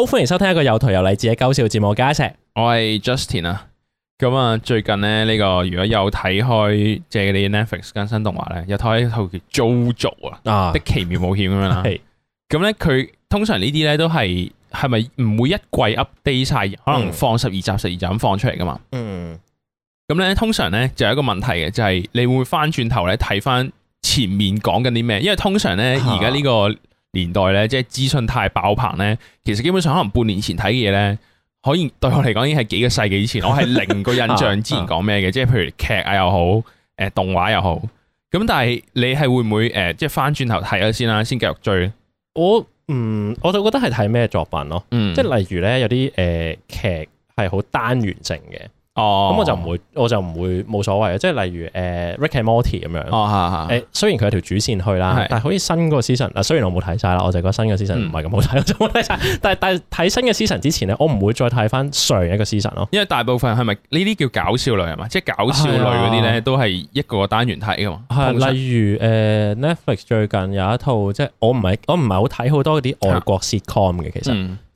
好歡迎收聽一個有圖有勵志嘅搞笑節目，加石，我係 Justin 啊。咁啊，最近咧，這，呢個如果有睇開借你啲 Netflix 更新動畫咧，有睇一套叫《JoJo》啊的奇妙冒險咁樣啦。係，啊。咁咧，佢通常呢啲咧都係係咪唔會一季 update 晒，可能放十二集十二集咁放出嚟噶嘛？嗯。咁咧，通常咧就有一個問題嘅，就係，是，你會翻轉頭咧睇翻前面講緊啲咩？因為通常咧而家呢個。啊年代咧，即係資訊太爆棚咧，其實基本上可能半年前睇嘅嘢咧，可以對我嚟講已經係幾個世紀以前， 我係零個印象之前講咩嘅， 即係譬如劇啊又好，誒動畫又好，咁但係你係會唔會誒，即係翻轉頭睇咗先啦，先繼續追？我嗯，我就覺得係睇咩作品咯，即係、嗯、例如咧有啲誒、呃、劇係好單元性嘅。哦，咁我就唔會，我就唔會冇所謂，即係例如誒、呃、，Rick and Morty 咁樣，誒、哦、雖然佢有條主線去啦，是但係好似新個 season，嗱、啊、雖然我冇睇晒啦，我就覺得新嘅 season 唔係咁好睇就冇睇晒。但係但係睇新嘅 season 之前咧，我唔會再睇翻上一個 season 咯，因為大部分係咪呢啲叫搞笑類係嘛，即、就、係、是、搞笑類嗰啲咧都係一個個單元睇噶嘛。係、哎呀，常例如誒、呃、Netflix 最近有一套，即係我唔係我唔係好睇好多嗰啲外國 sitcom 嘅、嗯、其實。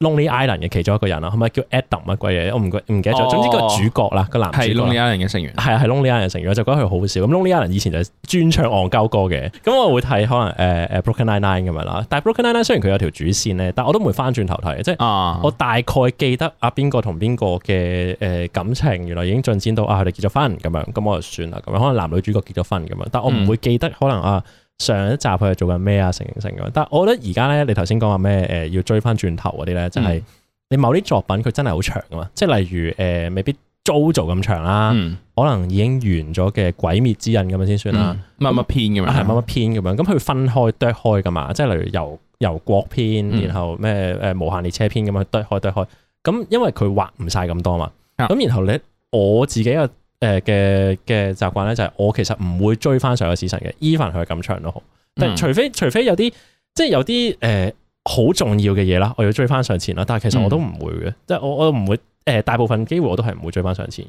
Lonely Island 嘅其中一個人啦，係咪叫 Adam 啊？鬼嘢，我唔唔記得咗。總之個主角啦，個、哦、男主角係 Lonely Island 嘅成員，係啊係 Lonely Island 成員，我就覺得佢好笑。咁 Lonely Island 以前就專唱戇鳩歌嘅。咁我會睇可能誒誒、呃、Brooklyn Nine-Nine 咁樣啦。但係 Brooklyn Nine-Nine 雖然佢有條主線咧，但我都唔會翻轉頭睇。即係我大概記得啊，邊個同邊個嘅誒感情，原來已經進展到啊，佢哋結咗婚咁樣。咁我就算啦。咁樣可能男女主角結咗婚咁樣，但我唔會記得可能啊。嗯上一集佢係做緊咩啊？成形成咁，但係我覺得而家咧，你頭先講話咩？誒、呃，要追翻轉頭嗰啲咧，就係、是、你某啲作品佢真係好長噶嘛？即係例如誒、呃，未必 JOJO 咁長啦，嗯、可能已經完咗嘅《鬼滅之刃》咁、嗯、那樣先算啦。乜乜篇噶嘛？係乜乜篇咁樣？咁佢分開剁開噶嘛？即係例如由遊郭篇，嗯、然後咩誒無限列車篇咁樣剁開剁開。咁因為佢畫唔晒咁多嘛。咁然後咧，我自己個。誒嘅嘅習慣咧，就係我其實唔會追翻上個市神嘅，Even 佢咁長都好，嗯、但除非除非有啲即係有啲誒好重要嘅嘢啦，我要追翻上前啦。但係其實我都唔會嘅，即係、嗯、我我唔會誒、呃、大部分機會我都係唔會追翻上前。誒、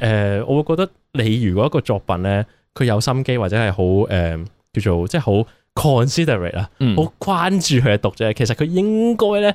呃、我會覺得你如果一個作品咧，佢有心機或者係好誒叫做即係好 considerate 啦、嗯，好關注佢嘅讀者，其實佢應該咧。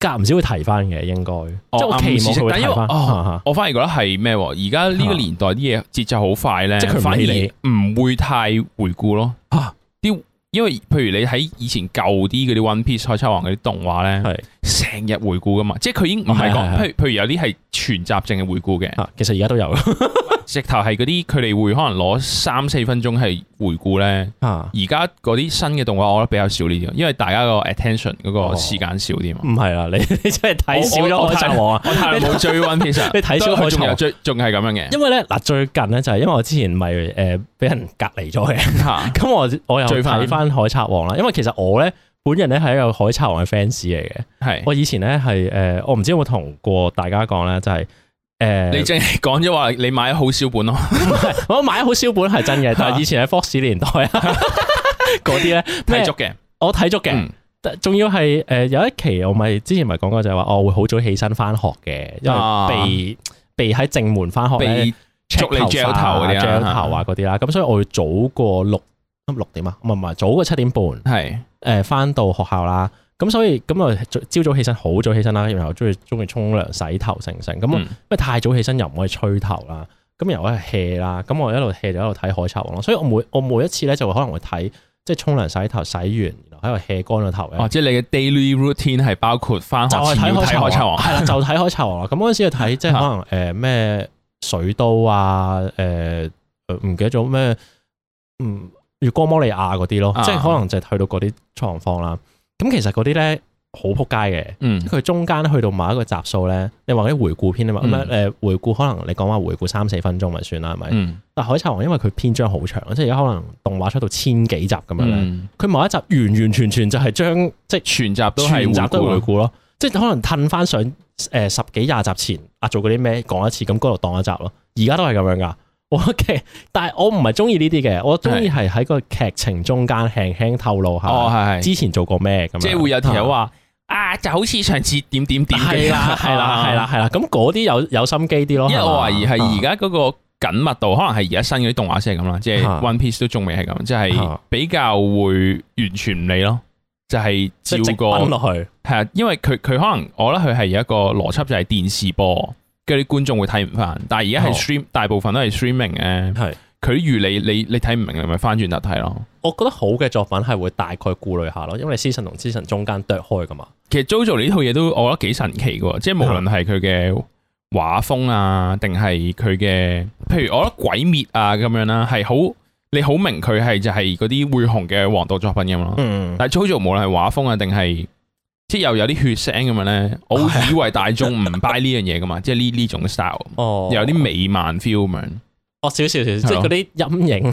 隔唔少會提翻嘅，應該、哦、即係期望，但係、哦嗯、因為、哦嗯、我反而覺得係咩？而家呢個年代啲嘢節奏好快咧，即係、嗯、反而唔會太回顧咯。啊、嗯，啲因為譬如你睇以前舊啲嗰啲 One Piece、海賊王嗰啲動畫咧，係、嗯。嗯嗯成日回顧噶嘛，即係佢已經唔係講，譬如譬如有啲係全集淨嘅回顧嘅，其實而家都有 直，直頭係嗰啲佢哋會可能攞三四分鐘係回顧咧。而家嗰啲新嘅動畫，我覺得比較少呢啲，因為大家個 attention 嗰個時間少啲嘛。唔係、哦、啦，你你真係睇少咗《海賊王》啊！我冇追温其實，你睇少海、啊《 少海賊王、啊。》 仲有追，仲係咁樣嘅。因為咧嗱，最近咧就係因為我之前咪誒俾人隔離咗嘅，咁、啊、 我我又睇翻《海賊王》啦。因為其實我咧。本人咧係一個海賊王嘅 fans 嚟嘅，係是我以前咧係誒，我唔知有冇同過大家講咧，就係、是、誒，呃、你淨係講咗話你買咗好少本咯、啊，我 買咗好少本係真嘅，但係以前喺 Fox 年代啊，嗰啲咧睇足嘅，我睇足嘅，仲要係誒有一期我咪之前咪講過就係話我會好早起身翻學嘅，因為避避喺正門翻學咧，捉你張頭啊張頭啊嗰啲啦，咁、嗯、所以我會早過六。咁六點啊？唔係唔係，早過七點半。係誒，翻到學校啦。咁是所以咁啊，朝早起身，好早起身啦。然後中意中意沖涼、洗頭、成成咁。因為太早起身又唔可以吹頭啦。咁然後咧 hea 啦。咁我一路 hea 就一路睇《海賊王》咯。所以我每我每一次咧就可能會睇，即係沖涼、洗頭、洗完，然後喺度 hea 乾個頭。哦、喔，即係你嘅 daily routine 係包括翻學睇《海賊王》係 啦，就睇《海賊王》咯。咁嗰陣時要睇，即係可能誒咩水刀啊，誒唔記得咗咩嗯。月光摩利亞嗰啲咯，啊、即係可能就去到嗰啲狀況啦。咁其實嗰啲咧好撲街嘅。佢、嗯、中間去到某一個集數咧，你話者回顧篇啊嘛，咁樣誒回顧，可能你講話回顧三四分鐘咪算啦，係咪、嗯？但海賊王因為佢篇章好長，即係而家可能動畫出到千幾集咁樣，佢、嗯、某一集完完全全就係將即係全集都回顧咯，顧咯啊、即係可能褪翻上誒十幾廿集前，啊做嗰啲咩講一次，咁嗰度當一集咯。而家都係咁樣噶。我其實，但係我唔係中意呢啲嘅，我中意係喺個劇情中間輕輕透露下。哦，係係，之前做過咩咁。即係會有條友話啊，就好似上次點點點係啦係啦係啦係啦，咁嗰啲有有心機啲咯。因為我懷疑係而家嗰個緊密度，可能係而家新嗰啲動畫先係咁啦，即係 One Piece 都仲未係咁，即係比較會完全唔理咯，就係照個落去。係啊，因為佢佢可能我覺得佢係有一個邏輯就係電視播。跟啲觀眾會睇唔翻，但係而家係大部分都係 streaming 嘅。係佢如你，你你睇唔明，你咪翻轉頭睇咯。我覺得好嘅作品係會大概顧慮下咯，因為 season 同 season 中間剁開噶嘛。其實 jojo 呢 jo 套嘢都我覺得幾神奇嘅，嗯、即係無論係佢嘅畫風啊，定係佢嘅，譬如我覺得鬼滅啊咁樣啦，係好你好明佢係就係嗰啲會紅嘅王道作品咁咯。嗯、但係 jo jojo 無論係畫風啊定係。即係又有啲血腥咁樣咧，我、哎、呀 以為大眾唔 buy 呢樣嘢噶嘛， 即係呢呢種 style，、哦、又有啲美漫 feel 嘛，哦，少少少少，哦、即係嗰啲陰影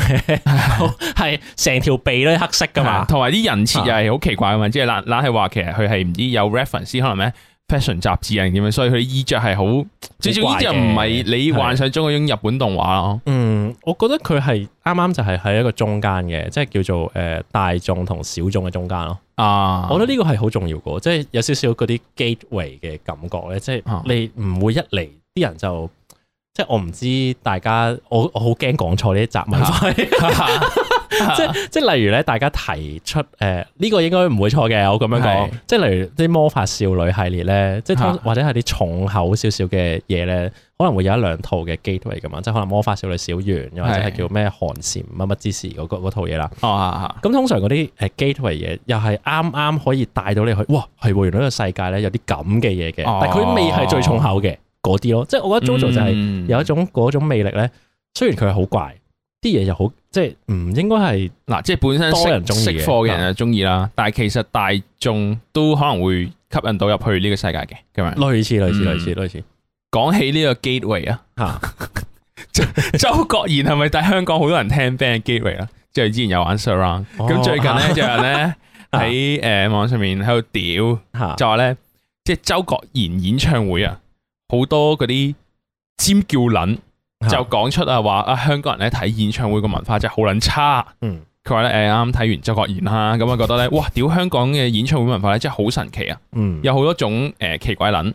係成條鼻都黑色噶嘛，同埋啲人設又係好奇怪噶嘛，啊、即係嗱嗱係話其實佢係唔知有 reference、哦、可能咩？fashion 雜誌人咁樣，所以佢衣着係好，至少衣着唔係你幻想中嗰種日本動畫咯。嗯，我覺得佢係啱啱就係喺一個中間嘅，即係叫做誒、呃、大眾同小眾嘅中間咯。啊，我覺得呢個係好重要嘅，即係有少少嗰啲 gateway 嘅感覺咧，即係你唔會一嚟啲人就即係我唔知大家我我好驚講錯呢啲雜文。 啊、即即例如咧，大家提出誒呢、呃呢個應該唔會錯嘅，我咁樣講。是即例如啲魔法少女系列咧，即是或者係啲重口少少嘅嘢咧，是可能會有一兩套嘅 gateway 咁啊是，即可能魔法少女小圓，又或者係叫咩寒蟬乜乜之時嗰套嘢啦。咁是通常嗰啲 gateway 嘢又係啱啱可以帶到你去，哇，係喎！原來呢個世界咧有啲咁嘅嘢嘅，啊、但佢未係最重口嘅嗰啲咯。嗯、即我覺得 Jojo 就係有一種嗰種魅力咧，雖然佢係好怪，啲嘢又好。即係唔應該係嗱，即係本身識人識貨嘅人就中意啦，嗯、但係其實大眾都可能會吸引到入去呢個世界嘅咁樣，類似類似類似類似。講、嗯、起呢個 gateway 啊，哈，周周國賢係咪喺香港好多人聽 band gateway 啦、啊？即係 之前有玩 surround，咁最近咧就係咧喺誒網上面喺度屌，就話咧即係周國賢演，演唱會啊，好多嗰啲尖叫撚。就講出啊，話啊香港人咧睇演唱會個文化真係好撚差，啊。佢話咧誒，啱啱睇完周國賢啦，啊，咁啊覺得咧，哇屌！香港嘅演唱會文化咧真係好神奇啊。嗯、有好多種誒奇怪撚。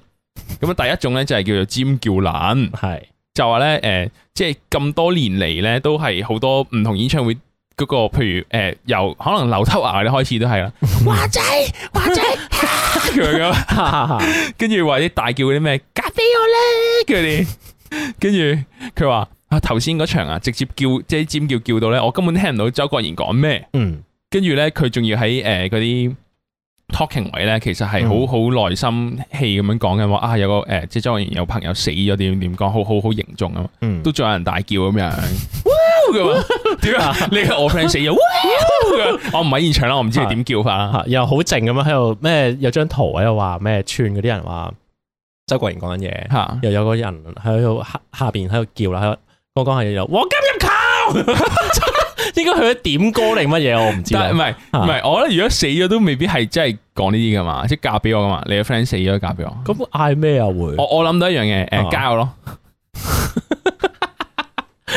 咁啊，第一種咧就係叫做尖叫撚，係是的 就話咧誒，即係咁多年嚟，咧都係好多唔同演唱會嗰個，譬如誒、呃、由可能劉德華咧開始都係啦。華 仔，華仔，跟住話啲大叫嗰啲咩？加菲 我咧，佢哋。跟住佢話啊頭先嗰場啊，直接叫即係尖叫叫到咧，我根本聽唔到周國賢講咩。嗯，跟住咧佢仲要喺誒嗰、呃、啲 talking 位咧，其實係好好耐心氣咁樣講嘅。我、嗯、啊有個誒即係周國賢有朋友死咗點點講，好好好凝重啊。都仲有人大叫咁樣。哇咁點啊？你我 friend 死咗。我唔喺現場啦，我唔知佢點叫法啦。吓、 嗯、又好靜咁樣喺度咩？有張圖喺度話咩？串嗰啲人話。 周國賢講緊嘢，又有個人喺度下下邊喺度叫啦，講下又有黃金入球，應該係點歌定乜嘢我唔知啦。唔係唔係，我覺得如果死咗都未必係真係講呢啲噶嘛，即係嫁俾我噶嘛，你嘅 friend 死咗嫁俾我。咁嗌咩啊會？我我諗到一樣嘢，誒交咯，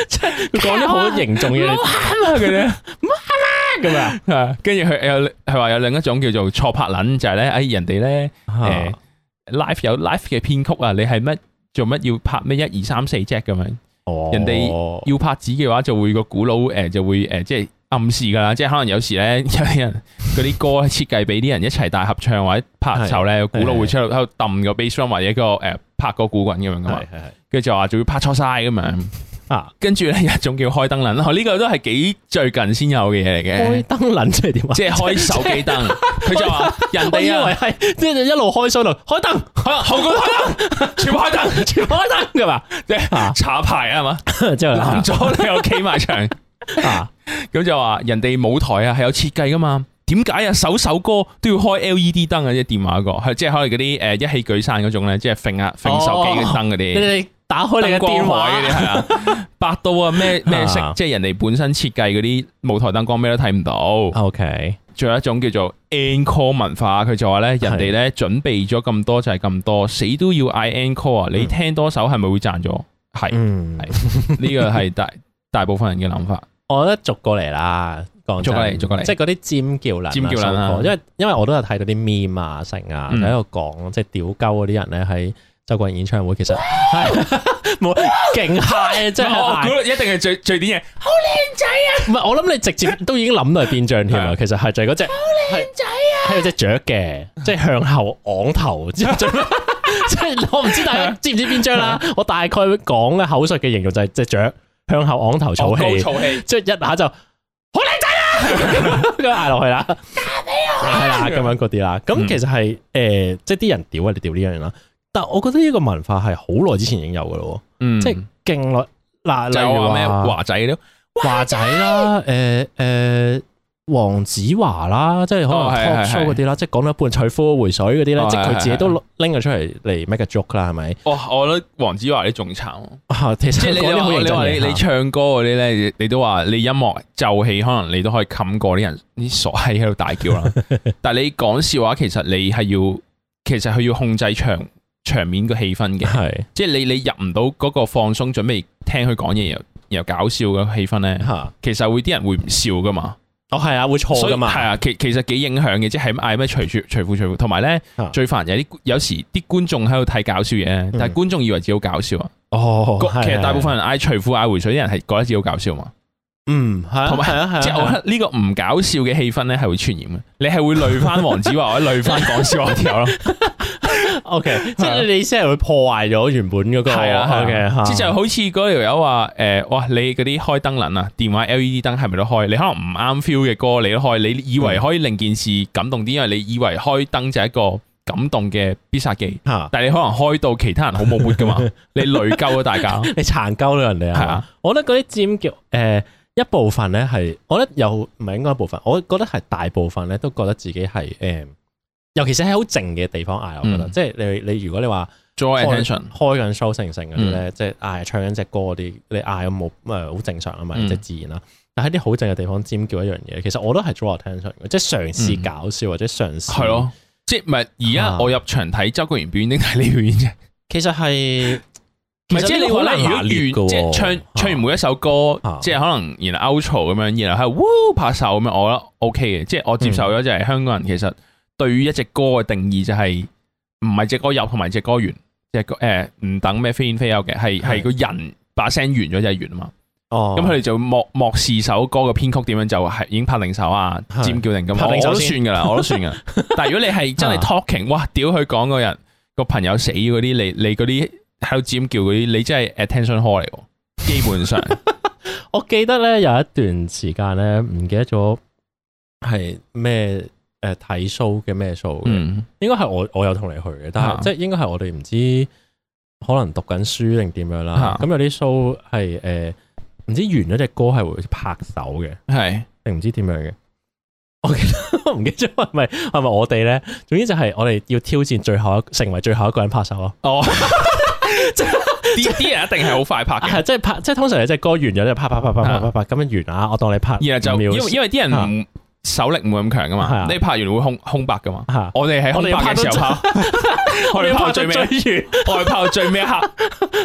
即係講啲好嚴重嘅嘢。老喊啊佢哋，唔喊啊咁啊。係，跟住佢有佢話有另一種叫做錯拍卵，就係咧誒人哋咧誒。life 有 life 嘅編曲啊，你係乜做乜要拍咩一二三四隻咁樣？哦，人哋要拍子嘅話就會個鼓佬誒就會誒即係暗示噶啦，即係可能有時咧有啲人嗰啲歌設計俾啲人一齊大合唱或者拍手咧，鼓佬會出嚟喺度揼個 bass drum 或者個誒拍個鼓棍咁樣噶嘛，跟住就話仲要拍錯晒咁樣。嗯啊、跟住咧有一種叫開燈撚，呢個都係幾最近先有嘅嘢嚟嘅。開燈撚即係點啊？即係開手機燈。佢就話人哋因係即係一路開衰路開燈，開燈 後邊開燈，全部開燈，全部開燈噶嘛？即係查牌啊嘛？即後攋咗你又企埋牆啊，咁就話人哋舞台設計啊係有設計噶嘛？點解啊首首歌都要開 L E D 燈啊？即係電話個，係即係開嗰啲誒一起舉傘嗰種咧，即係揈啊手機嘅燈嗰啲。哦打開你嘅電話嗰啲係啊，百度啊咩咩色，即係人哋本身設計嗰啲舞台燈光咩都睇唔到。OK，仲有一種叫做 encore 文化，佢就話咧，人哋咧準備咗咁多就係咁多，死都要嗌 encore 啊！你聽多首係咪會賺咗？係，係呢個係大大部分人嘅諗法。我覺得逐過嚟啦，講逐過嚟，逐過嚟，即係嗰啲尖叫啦，尖叫啦，因為因為我都有睇到啲 meme 啊、成啊喺度講，即係屌鳩嗰啲人咧喺。周國賢演唱會其實係冇勁嗨啊，即係一定係最最典型，好靚仔啊！唔係我諗你直接都已經諗到係邊張添啦，其實係就係嗰隻好靚仔啊，係有隻雀嘅，即係向後昂頭之後，即係我唔知大家知唔知邊張啦？我大概講咧口述嘅形容就係隻雀向後昂頭草氣，即係一下就好靚仔啦，咁樣嗌落去啦，嫁俾我係啦，咁樣嗰啲啦，咁其實係誒，即係啲人屌啊，你屌呢樣嘢啦。但我覺得呢個文化係好耐之前已經有嘅咯，即係勁力嗱，例如話咩華仔咧，華仔啦，誒誒，黃子華啦，即係可能 talk show 嗰啲啦，即係講到一半菜科回水嗰啲咧，即係佢自己都拎佢出嚟嚟 make a joke 啦，係咪？哦，我覺得黃子華啲仲慘，其實你你你唱歌嗰啲咧，你都話你音樂就戲可能你都可以冚過啲人啲傻閪喺度大叫啦，但係你講笑話其實你係要，其實佢要控制唱。場面個氣氛嘅。的即係你你入唔到嗰個放鬆準備聽佢講嘢又又搞笑嘅氣氛咧，其實會啲人會唔笑噶嘛？哦，係啊，會錯噶嘛？係啊，其其實幾影響嘅，即係嗌咩除住除褲除褲，同埋咧最煩有啲有時啲觀眾喺度睇搞笑嘢、嗯、但係觀眾以為自己好搞笑啊！哦，其實大部分人嗌除褲嗌回水啲人係覺得自己好搞笑嘛。嗯，係啊，係啊，係啊，即係我呢個唔搞笑嘅氣氛咧，係會傳染嘅。你係會累翻黃子華，或者累翻講笑嗰條友咯。O K，即係你先係會破壞咗原本嗰個係啊。O K，即就好似嗰條友話誒，哇，你嗰啲開燈輪啊，電話 L E D 燈係咪都開？你可能唔啱 feel 嘅歌你都開，你以為可以令件事感動啲，因為你以為開燈就係一個感動嘅必殺技。但係你可能開到其他人好冇活噶嘛，你累鳩咗大家，你殘鳩咗人哋啊。係啊，我覺得嗰啲尖叫誒。一部分咧係，我覺得有唔係應該一部分，我覺得係大部分咧都覺得自己係誒，尤其是喺好靜嘅地方嗌，嗯、我覺得即係你你如果你話 draw attention 開緊 showing 成嗰啲咧，即係嗌唱緊隻歌嗰啲，你嗌有冇咁好正常啊嘛，即係自然啦。嗯、但喺啲好靜嘅地方尖叫一樣嘢，其實我都係 draw attention 嘅，即係嘗試搞笑或者嘗試係咯，即係唔係而家我入場睇周國賢表演定係你表演啫？ 其實係。唔係即係你話咧，如果完即係唱唱完每一首歌，啊啊、即係可能然後 outro 咁樣，然後喺度哇拍手咁樣，我覺得 OK 嘅。即係我接受咗就係香港人其實對於一隻歌嘅定義就係唔係隻歌入同埋隻歌完，即歌誒唔等咩 fade in fade out 嘅，係係，是是個人把聲完咗就係完啊嘛。哦，咁佢哋就漠漠視首歌嘅編曲點樣就係已經拍定手啊，是尖叫定咁啊，拍定手先我都算㗎喇，都算嘅。 但係如果你係真係 talking，哇屌佢 講個人個朋友死嗰啲，你你嗰啲。喺度尖叫嗰啲，你真係 attention call 嚟喎，基本上， 我記得咧有一段時間咧，唔記得咗係咩誒睇 show 嘅咩 show 嘅，嗯、應該係我我有同你去嘅，但係即係應該係我哋唔知可能讀緊書定點樣啦。咁、啊、有啲 show 係誒唔知完咗隻歌係會拍手嘅，係定唔知點樣嘅？我我唔記得，係咪？係咪我哋咧？總之就係我哋要挑戰最後一，成為最後一個人拍手咯。哦。 即係啲啲人一定係好快拍嘅，即係拍即係通常咧，即係歌完咗就拍拍拍拍拍，拍拍咁樣完啊！我當你拍，而係就秒。因為啲人手力唔會咁強噶嘛，你拍完會空空白噶嘛。我哋喺空白嘅時候，拍，我哋拍最尾段，我哋拍最尾一刻。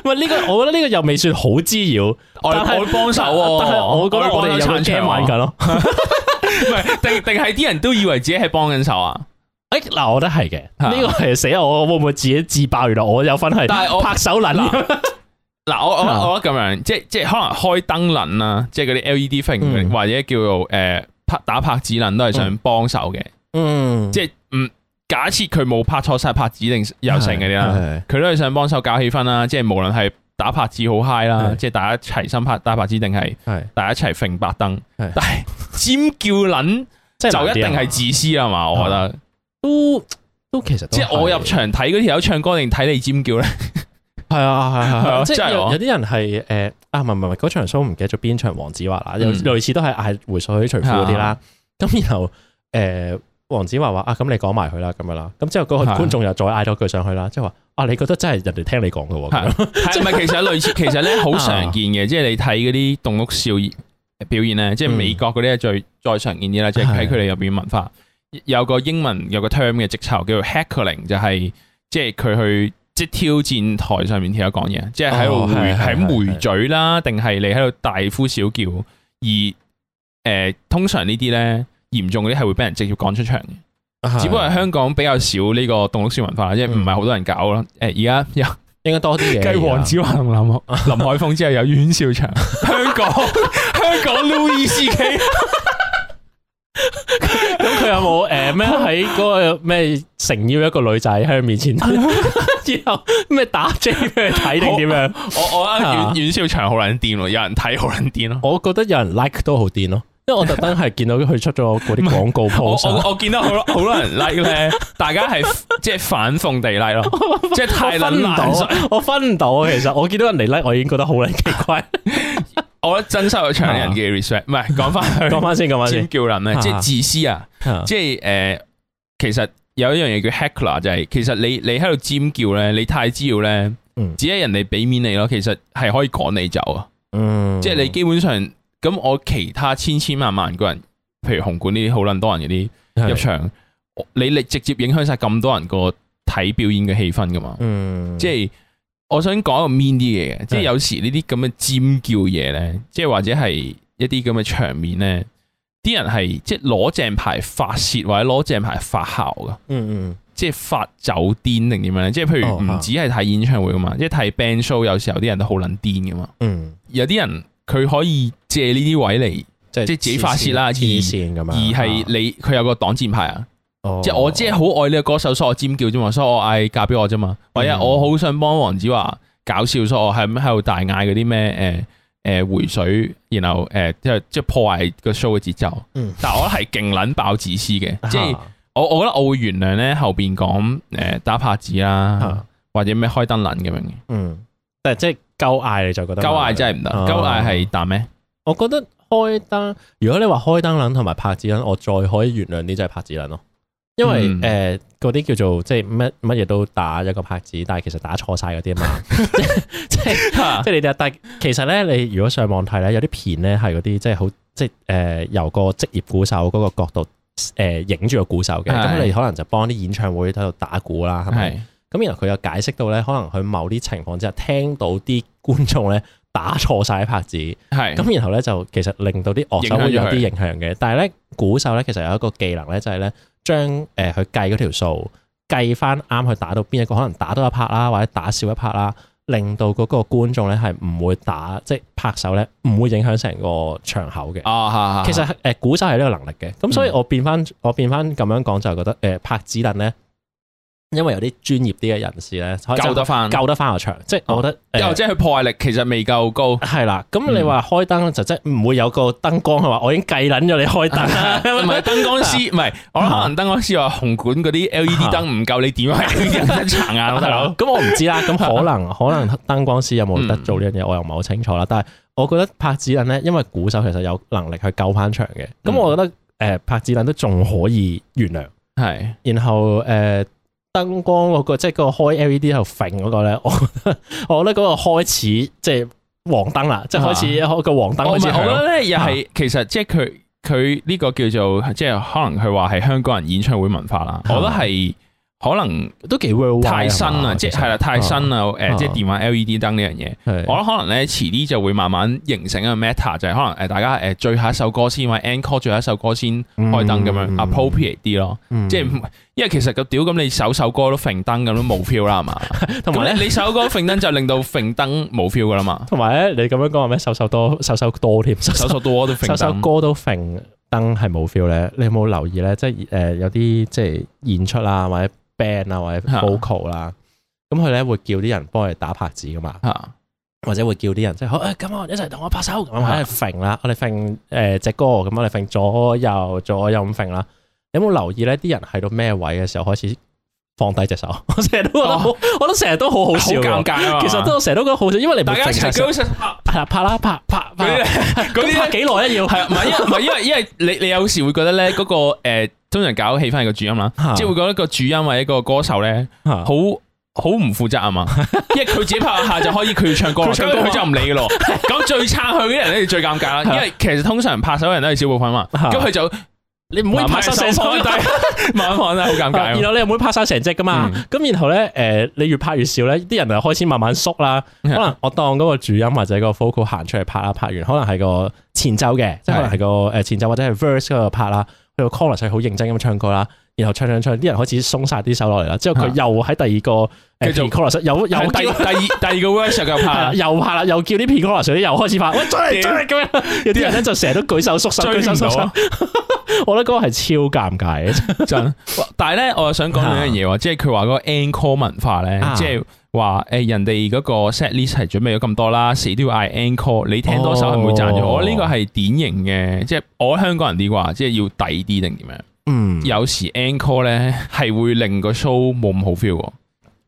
喂，呢個我覺得呢個又未算好滋擾，外外幫手喎。我覺得我哋有玩緊咯，唔係定定係啲人都以為自己係幫緊手啊？誒，嗱，我覺得係嘅，呢個係死啊！我會唔會自己自爆？原來我有份係，但係我拍手捻啦。嗱，我我我覺得咁樣，即係即係可能開燈捻啊，即係嗰啲 LED fing 或者叫做誒拍打拍子捻，都係想幫手嘅。嗯，即係唔假設佢冇拍錯晒拍子，定又成嗰啲啦，佢都係想幫手搞氣氛啦。即係無論係打拍子好嗨啦，即係大家一齊心拍打拍子，定係大家一齊 fing 白燈。但係尖叫捻就一定係自私啊嘛？我覺得。都都其實即係我入場睇嗰條友唱歌定睇你尖叫咧？係啊係係即係有啲人係誒啊唔係唔係嗰場 show 唔記得咗邊場？黃子華啊，又類似都係嗌回水啲除褲嗰啲啦。咁然後誒黃子華話啊，咁你講埋佢啦咁樣啦。咁之後嗰個觀眾又再嗌咗句上去啦，即係話啊你覺得真係人哋聽你講噶？即係唔係其實類似，其實咧好常見嘅，即係你睇嗰啲棟篤笑表演咧，即係美國嗰啲係最再常見啲啦，即係喺佢哋入邊文化。有個英文有個 term 嘅直頭叫做 heckling，就係即係佢去即挑戰台上面其他講嘢，即係喺度喺梅嘴啦，定係你喺度大呼小叫。而誒、呃，通常呢啲咧嚴重嗰啲係會俾人直接趕出場，是是只不過香港比較少呢個棟篤笑文化，是是即係唔係好多人搞咯。誒，而家有應該多啲嘢。繼黃子華同林林，林，林，林海峰之後有阮兆祥，香港香港 Louis K。 咁佢 有冇誒咩喺嗰個咩誠邀一個女仔喺佢面前之 後咩打 J 俾佢睇定點樣？我我阿阮阮少祥好捻癲咯，有人睇好捻癲咯， 我覺得有人 like 都好癲咯。因為我特登係見到佢出咗嗰啲廣告，我我，我見到好多好多人 like 咧，大家係即係反諷，就是、地 like 咯， 即係太撚到，我分唔到。其實我見到人嚟 like，我已經覺得好撚奇怪。 我真心有搶人嘅 respect，唔係講翻去，講翻 先，講翻先。尖叫人咧，即係自私啊！ 即係誒、呃，其實有一樣嘢叫 heckler，就係、是、其實你你喺度尖叫咧，你太知、嗯、要咧，只係人哋俾面你咯，其實係可以趕你走啊！嗯，即係你基本上。嗯嗯咁我其他千千萬萬個人，譬如紅館呢啲好捻多人嗰啲是入場，你你直接影響晒咁多人個睇表演嘅氣氛噶嘛？嗯，即係我想講一個 mean 啲嘢嘅，即係有時呢啲咁嘅尖叫嘢咧，即係或者係一啲咁嘅場面咧，啲人係即係攞正牌發泄或者攞正牌發姣噶，嗯嗯，即係發酒癲定點樣？咧即係譬如唔止係睇演唱會噶嘛，即係睇 band show，有時候啲人都好捻癲噶嘛，嘛嗯，有啲人。佢可以借呢啲位嚟，即係即係自己發洩啦。而而係你，佢有個擋箭牌啊。哦、即係我即係好愛呢個歌手，所以我尖叫啫嘛。所以我嗌嫁俾我啫嘛。或者我好想幫黃子華搞笑，所以我係喺度大嗌嗰啲咩誒誒回水，然後誒、呃、即係即係破壞個 show 嘅節奏。嗯、但係我係勁撚爆自私嘅，即係我我覺得我會原諒咧後邊講誒打拍子啦、啊，嗯、或者咩開燈撚咁樣嘅。嗯，但係即係。夠嗌，你就覺得，夠嗌真係唔得，夠嗌係打咩？我覺得開燈，如果你話開燈捻同埋拍子捻，我再可以原諒啲就係拍子捻咯。因為誒嗰啲叫做即係乜乜嘢，都打一個拍子，但係其實打錯晒嗰啲啊嘛，即係即係你哋。但其實咧，你如果上網睇咧，有啲片咧係嗰啲即係好即係誒由個職業鼓手嗰個角度誒影住個鼓手嘅，咁你可能就幫啲演唱會喺度打鼓啦，係咪？咁然後佢又解釋到咧，可能佢某啲情況之下聽到啲觀眾咧打錯晒啲拍子，係咁是然後咧就其實令到啲樂手會有啲影響嘅。響但係咧鼓手咧其實有一個技能咧，就係咧將誒佢計嗰條數計翻啱去打到邊一個，可能打多一拍啦，或者打少一拍啦，令到嗰個觀眾咧係唔會打即係、就是、拍手咧，唔會影響成個場口嘅。啊、哦，其實誒、呃、鼓手係呢個能力嘅。咁所以我變翻、嗯、我變翻咁樣講就係覺得誒、呃、拍子凳咧。因為有啲專業啲嘅人士咧，救得翻，救得翻個場，即係我覺得又即係破壞力其實未夠高，係啦。咁你話開燈就即係唔會有個燈光係話我已經計捻咗你開燈啦，唔係燈光師，唔係我可能燈光師話紅館嗰啲 LED 燈唔夠你點係影啊大佬。咁我唔知啦，咁可能可能燈光師有冇得做呢樣嘢，我又唔係好清楚啦。但係我覺得拍子彈咧，因為鼓手其實有能力去救翻場嘅。咁我覺得誒拍子彈都仲可以原諒，係然後誒。燈光嗰、嗰個即係嗰個開 LED 喺度揈嗰個咧，我我覺得嗰個開始即係黃燈啦，啊、即係開始開個黃燈開始我。我覺得咧又係其實即係佢佢呢個叫做即係可能佢話係香港人演唱會文化啦，啊、我覺得係。可能都幾太新啦，即係啦，太新啦，誒，即係電話 LED 燈呢樣嘢，我覺得可能咧遲啲就會慢慢形成一個 meta，就係可能誒大家誒最後一首歌先或者 encore 最後一首歌先開燈咁樣 appropriate 啲咯，即係因為其實個屌咁你首首歌都揈燈咁都冇 feel 啦嘛，同埋咧你首歌揈燈就令到揈燈冇 feel 噶啦嘛，同埋咧你咁樣講話咩首首多首首多添，首首多都揈燈，首首歌都揈燈係冇 feel 咧，你有冇留意咧？即係誒有啲即係演出啊或者。band 啊或者 vocal 啦，咁佢咧會叫啲人幫佢打拍子噶嘛， 或者會叫啲人即係好誒咁我一齊同我拍手咁啊，我哋揈啦，我哋揈誒隻歌咁我哋揈左右左右咁揈啦，有冇留意咧啲人喺到咩位嘅時候開始？放低隻手，我成日都覺得，我我都成日都好好笑，好尷尬。其實我都成日都覺得好笑，因為大家一齊咁識拍，啦拍啦拍拍。嗰啲咧幾耐咧要係唔係？唔係因為因為你你有時會覺得咧嗰個誒通常搞氣氛個主音啦，即係會覺得個主音或者個歌手咧好好唔負責啊嘛。因為佢自己拍一下就可以佢唱歌，佢就唔理咯。咁最差佢啲人咧就最尷尬啦，因為其實通常拍手人都係小部分嘛，咁佢就。你唔會拍晒成台地， 慢慢啊，好尷尬。 然後你又唔會拍晒成隻㗎嘛？咁、嗯、然後咧，誒、呃，你越拍越少咧，啲人就開始慢慢縮啦。可能我當嗰個主音或者個 vocal 行出嚟拍啦，拍完可能係個前奏嘅，是 即係可能係個誒前奏或者係 verse 嗰度拍啦。的佢個 caller 仔好認真咁唱歌啦，然後唱唱唱，啲人開始鬆晒啲手落嚟啦，之後佢又喺第二個繼續 caller 仔，又又第第二第二個 verse 又拍啦，又拍啦，又叫啲 pi caller 仔又開始拍，喂追嚟追嚟咁樣，有啲人咧就成日都舉手縮手舉手縮手，我覺得嗰個係超尷尬嘅一陣，但係咧我又想講兩樣嘢，即係佢話嗰個 encore 文化咧，即係。話誒，人哋嗰個 set list 係準備咗咁多啦，死都要嗌 encore，你聽多首係唔會賺嘅。我呢個係典型嘅，即係我香港人啲話，即係要抵啲定點樣？嗯，有時 encore 咧係會令個 show 冇咁好 feel。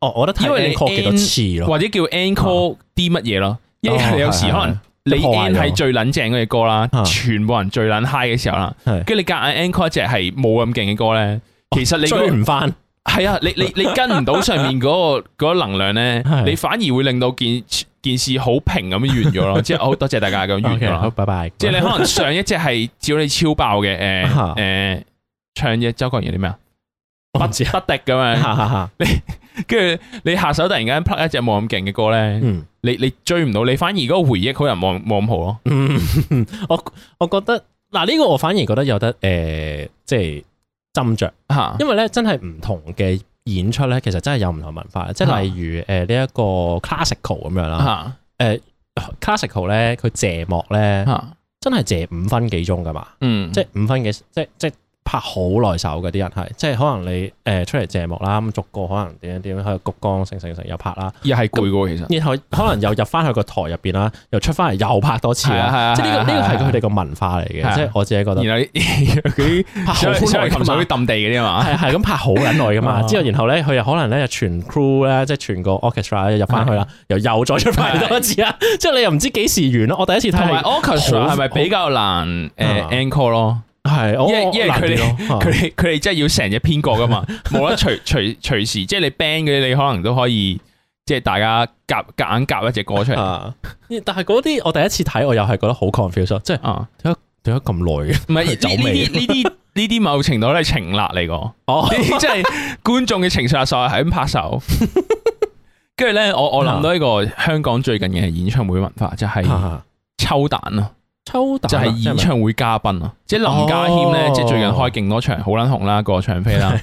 哦，我覺得因為你 call 幾多次咯，或者叫 encore 啲乜嘢咯，的因為你有時可能你 encore 係最撚正嗰隻歌啦，全部人最撚 high 嘅時候啦，跟住的你夾硬 encore 一隻係冇咁勁嘅歌咧，其實你、那個、哦、追唔翻。係啊，你你你跟唔到上面嗰個個能量咧， 你反而會令到件件事好平咁完咗咯。 即係好多謝大家咁完咗，okay, 好拜拜。Bye bye 即係你可能上一隻係照你超爆嘅，誒誒、 呃，唱嘅周國賢啲咩啊？不不敵咁樣，你跟住你下手突然間 pluck 一隻冇咁勁嘅歌咧，你、 嗯、你追唔到，你反而嗰個回憶好又望冇咁好咯。 我我覺得嗱呢、這個我反而覺得有得誒，即、呃、係。就是斟酌，因為咧真係唔同嘅演出咧，其實真係有唔同文化即係、啊、例如誒、啊 uh，呢一個 classical 咁樣啦，誒 classical 咧佢謝幕咧，啊、真係謝五分幾鐘噶嘛，嗯，即係五分幾，即係即係。拍好耐手嗰啲人係，即係可能你誒出嚟謝幕啦，咁逐個可能點樣點樣喺度鞠躬，成成成又拍啦，又係攰過其實。然後可能又入翻去個台入邊啦，又出翻嚟又拍多次啊！即係呢個呢個係佢哋個文化嚟嘅，即係我自己覺得。然後嗰啲拍好耐，琴日都抌地嘅嘛。係係咁拍好緊耐噶嘛。之後然後咧，佢又可能咧，全 crew 咧，即係全個 orchestra 入翻去啦，又又再出翻嚟多次啊！即係你又唔知幾時完咯。我第一次睇同埋 orchestra 係咪比較難誒 encore 咯？係，因為因為佢哋佢哋佢哋真係要成隻編過噶嘛，冇得隨隨隨時，即係你 ban 嗰啲，你可能都可以，即係大家夾夾硬夾一隻歌出嚟。但係嗰啲我第一次睇，我又係覺得好 confuse，即係啊，點解點解咁耐嘅？唔係呢呢呢呢呢啲某程度都係情辣嚟個，即係觀眾嘅情緒勒晒喺度拍手。跟住咧，我我諗到一個香港最近嘅演唱會文化，就係抽蛋咯。抽蛋就係演唱會嘉賓啊！即係林家謙咧，即係最近開勁多場，好撚紅啦，個唱飛啦。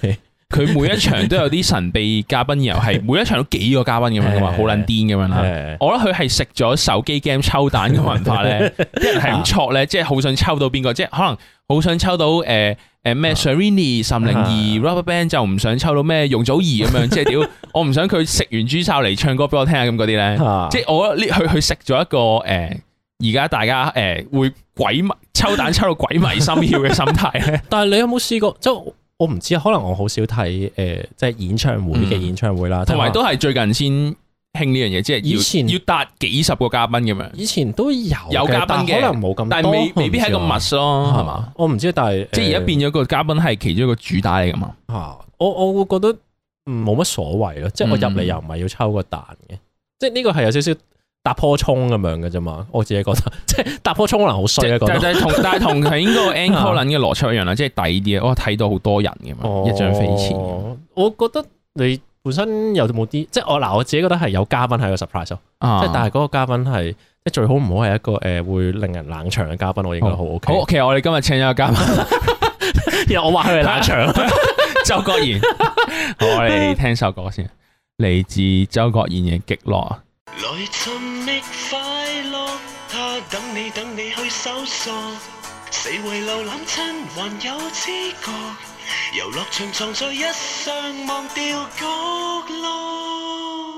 佢每一場都有啲神秘嘉賓，然後係每一場都幾個嘉賓咁樣噶嘛，好撚癲咁樣啦。我諗佢係食咗手機 game 抽蛋嘅文化咧，即係咁戳咧，即係好想抽到邊個，即係可能好想抽到誒誒咩 Serrini 岑寧兒、Rubberband，就唔想抽到咩容祖兒咁樣。即係屌，我唔想佢食完豬哨嚟唱歌俾我聽啊！咁嗰啲咧，即係我諗呢，佢佢食咗一個誒。而家大家誒、呃、會鬼迷抽蛋抽到鬼迷心竅嘅心態咧， 但係你有冇試過？即係我唔知啊，可能我好少睇誒、呃，即係演唱會嘅演唱會啦，同埋、嗯、都係最近先興呢樣嘢，即係以前要達幾十個嘉賓咁樣，以前都有有嘉賓嘅，可能冇咁、啊，但係未未必係咁密咯，係嘛？我唔知，但係即係而家變咗個嘉賓係其中一個主打嚟噶嘛？吓、呃，我我會覺得冇乜所謂咯，即係我入嚟又唔係要抽個蛋嘅，嗯、即係呢個係有少少。踏波衝咁樣嘅啫嘛，我自己覺得即係踏波衝可能好衰，但係同但係同佢呢個 n c h o r 輪嘅邏輯一樣啦， 即係抵啲我睇到好多人嘅嘛，一張飛錢。我覺得你本身有冇啲即係我嗱，我自己覺得係有嘉賓係個 surprise 即係但係嗰個嘉賓係即係最好唔好係一個誒會令人冷場嘅嘉賓，我應該好 ok，哦。好 ok，我哋今日請咗個嘉賓， 我話佢冷場。 周國賢， 我哋聽首歌先，嚟自周國賢嘅《極樂》。來尋覓快樂，他等你等你去搜索。四圍瀏覽親，還有知覺。遊樂場藏在一上，忘掉角落。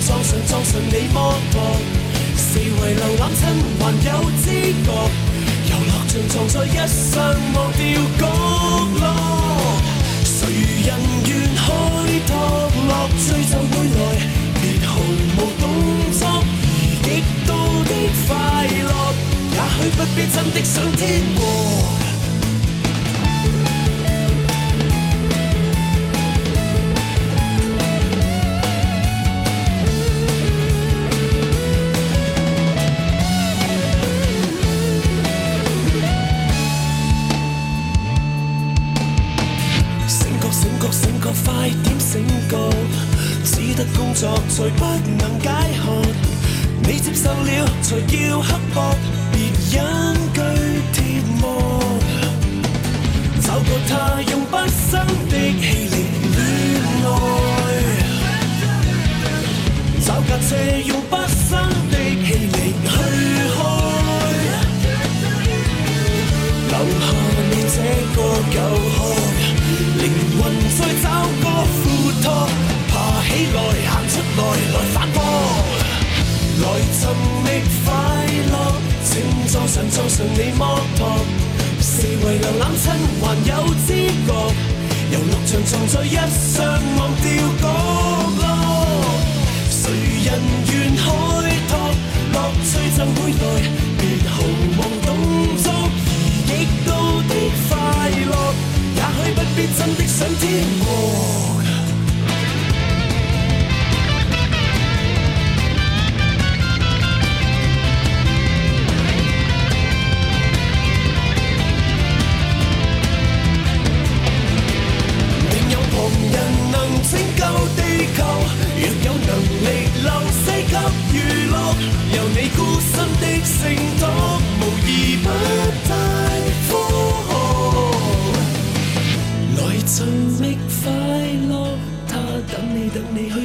裝上裝上你摸過，四圍瀏覽親還有知覺，遊樂場藏在一上忘掉角落，誰人願開拓？樂趣就會來，別毫無動作，極度的快樂，也許不必真的想天和。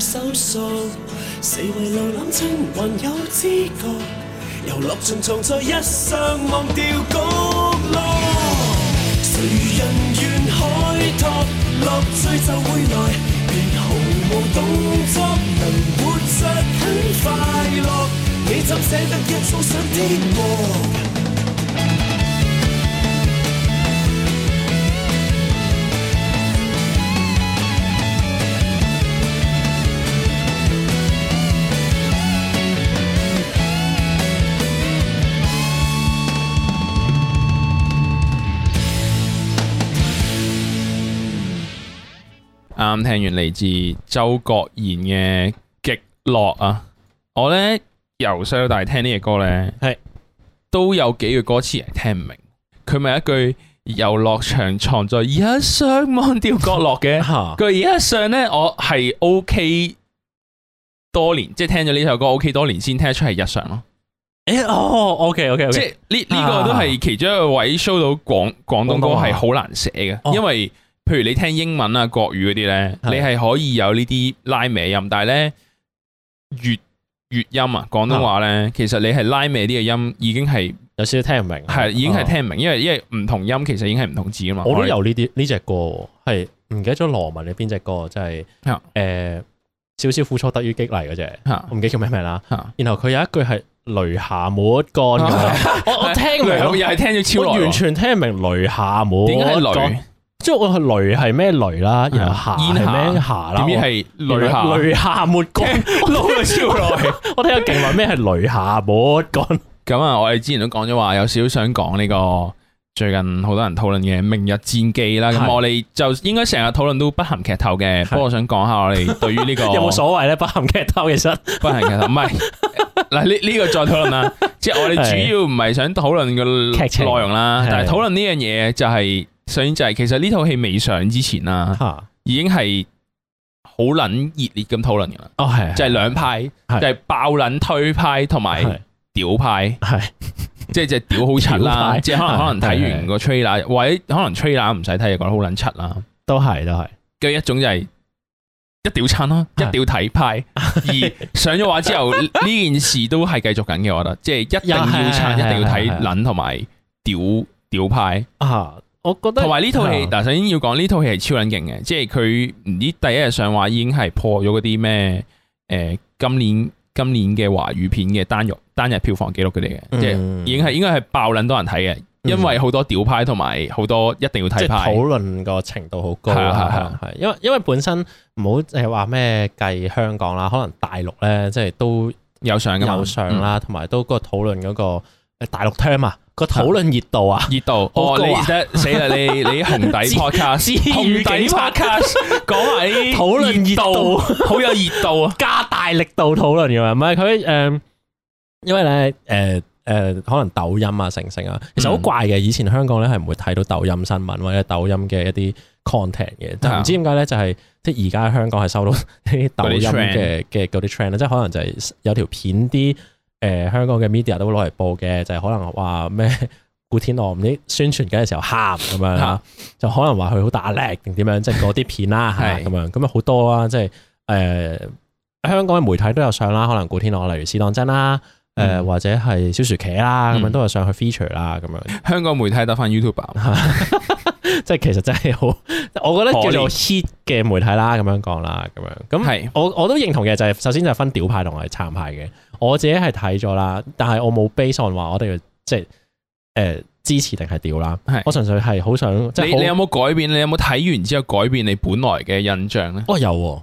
搜索四圍流浪者還有知覺，遊樂場藏在一生忘掉角落。誰人願開拓？樂趣就會來，別毫無動作，能活著很快樂。你怎捨得一宿上天國？啱聽完嚟自周國賢嘅極樂啊！我咧由細到大聽呢隻歌咧，係是都有幾句歌詞係聽唔明。佢咪一句遊樂場藏在日常忘掉角落嘅？佢而 日常咧我係 OK 多年，即係聽咗呢首歌 OK 多年先聽得出係日常咯。誒、欸、哦，OK OK，, okay 即係呢呢個都係其中一個位 show 到廣廣東歌係好難寫嘅，因為、哦。哦譬如你聽英文啊國語嗰啲咧，你係可以有呢啲拉尾音，但係咧粵粵音啊廣東話咧，其實你係拉尾啲嘅音已經係有少少聽唔明，係已經係聽唔明，因為因為唔同音其實已經係唔同字啊嘛。我都有呢啲呢隻歌，係唔記得咗羅文嘅邊隻歌，真係誒少少苦楚等於激勵嗰隻，我唔記得叫咩名啦。然後佢有一句係雷下冇一干，我我聽兩日係聽咗超耐，完全聽唔明雷下冇點解雷。即係我個雷係咩雷啦，然後霞係咩霞啦，點係雷霞？雷霞抹乾，我撈個笑落去。我睇阿勁話咩係雷霞抹乾？咁啊，我哋之前都講咗話，有少少想講呢個最近好多人討論嘅明日戰記啦。咁我哋就應該成日討論都不含劇透嘅。不過我想講下我哋對於呢個有冇所謂咧？不含劇透其實不含劇透，唔係嗱呢呢個再討論啦。即係我哋主要唔係想討論個劇情內容啦，但係討論呢樣嘢就係。首先就係其實呢套戲未上之前啦，已經係好撚熱烈咁討論噶啦。哦，係，就係兩派，就係爆撚推派同埋屌派，係，即係即係屌好柒啦。即係可能可能睇完個 trailer，或者可能 trailer 唔使睇就覺得好撚柒啦。都係都係，嘅一種就係一屌親咯，一屌睇派。而上咗畫之後，呢件事都係繼續緊嘅。我覺得即係一定要撐，一定要睇撚同埋屌屌派啊。我覺得同埋呢套戲，但首先要講呢套戲係超捻勁嘅，即係佢唔知第一日上畫已經係破咗嗰啲咩，誒，今年今年嘅華語片嘅單玉單日票房記錄佢哋嘅。嗯、即係已經係應該係爆捻多人睇嘅，因為好多屌派同埋好多一定要睇派，討論個程度好高。啊，係係係，因為因為本身唔好誒話咩計香港啦，可能大陸咧，即係都有上嘅，嗯、有上啦，同埋都討論個討論嗰個誒大陸聽啊。個討論熱度啊，熱度哦，啊、你得死啦！你你，你紅底 podcast 紅底 podcast 講討論熱度，好度 有熱度啊！加大力度討論嘅，唔係佢誒，因為咧誒誒，可能抖音啊，成成啊，其實好怪嘅。以前香港咧係唔會睇到抖音新聞或者抖音嘅一啲 content 嘅，嗯，但唔知點解咧，就係即係而家香港係收到啲抖音嘅嘅嗰啲 trend 即係可能就係有條片啲。誒，香港嘅 media 都攞嚟報嘅，就係可能話咩古天樂唔知宣傳緊嘅時候喊咁樣啦，就可能話佢好打力定點樣，即係嗰啲片啦，係咁樣，咁啊好多啦，即係誒香港嘅媒體都有上啦，可能古天樂例如試當真啦，誒、呃、或者係小薯茄啦，咁樣都有上去 feature 啦，咁樣。香港媒體得翻 YouTube，即係其實真係好， 我覺得叫做 hit 嘅媒體啦，咁樣講啦，咁樣。咁係，我我都認同嘅就係，首先就係分屌派同埋殘派嘅。我自己係睇咗啦，但係我冇 basis 話我哋要即係誒、呃、支持定係屌啦。是我純粹係好想你即係你有冇改變？你有冇睇完之後改變你本來嘅印象咧？我、哦、有我、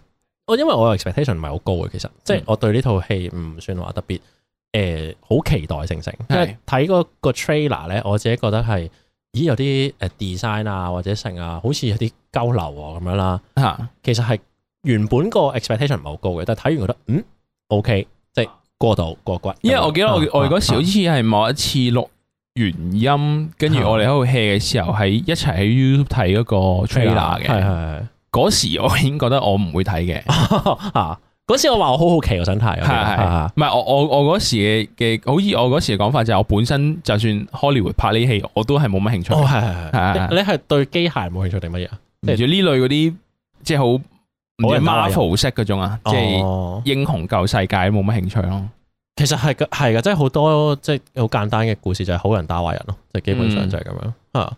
啊、因為我嘅 expectation 唔係好高嘅，其實即係、就是、我對呢套戲唔算話特別誒好期待性成。即係睇嗰個 trailer 咧，我自己覺得係咦有啲誒 design 啊或者成啊，好似有啲交流咁樣啦。吓，其實係原本個 expectation 唔係好高嘅，但係睇完覺得嗯 OK。過度過骨，因為我記得我我嗰時好似係某一次錄完音，跟住、啊啊、我哋喺度 hea 嘅時候，喺一齊喺 YouTube 睇嗰個 trailer 嘅。係係係，嗰時我已經覺得我唔會睇嘅、啊。啊，嗰時我話我好好奇，我想睇。係係係，唔係、啊、我我我嗰時嘅嘅，好似我嗰時嘅講法就係，我本身就算 Hollywood 拍呢戲，我都係冇乜興趣。係係係，你係對機械冇興趣定乜嘢？例如呢類嗰啲即係好。我 Marvel 式嗰種啊，即係、哦、英雄救世界冇乜興趣咯。其實係嘅，係嘅，即係好多即係好簡單嘅故事就係好人打壞人咯。即、就、係、是、基本上就係咁樣、嗯、啊。